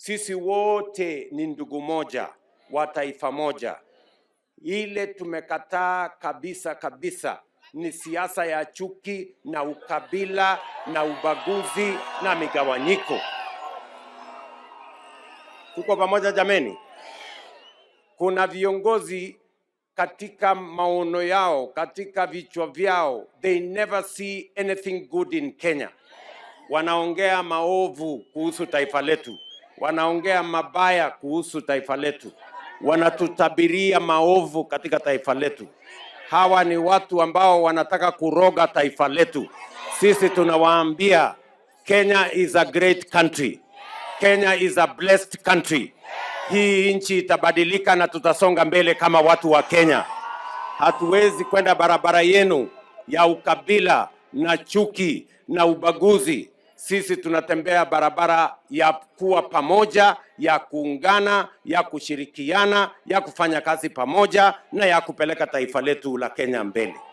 sisi wote ni ndugu moja wa taifa moja. Ile tumekataa kabisa kabisa ni siasa ya chuki na ukabila na ubaguzi na migawanyiko. Tuko pamoja jameni? Kuna viongozi katika maono yao, katika vichwa vyao, they never see anything good in Kenya. Wanaongea maovu kuhusu taifa letu wanaongea mabaya kuhusu taifa letu, wanatutabiria maovu katika taifa letu. Hawa ni watu ambao wanataka kuroga taifa letu. Sisi tunawaambia Kenya is a great country. Kenya is a blessed country. Hii nchi itabadilika na tutasonga mbele kama watu wa Kenya. Hatuwezi kwenda barabara yenu ya ukabila na chuki na ubaguzi. Sisi tunatembea barabara ya kuwa pamoja, ya kuungana, ya kushirikiana, ya kufanya kazi pamoja na ya kupeleka taifa letu la Kenya mbele.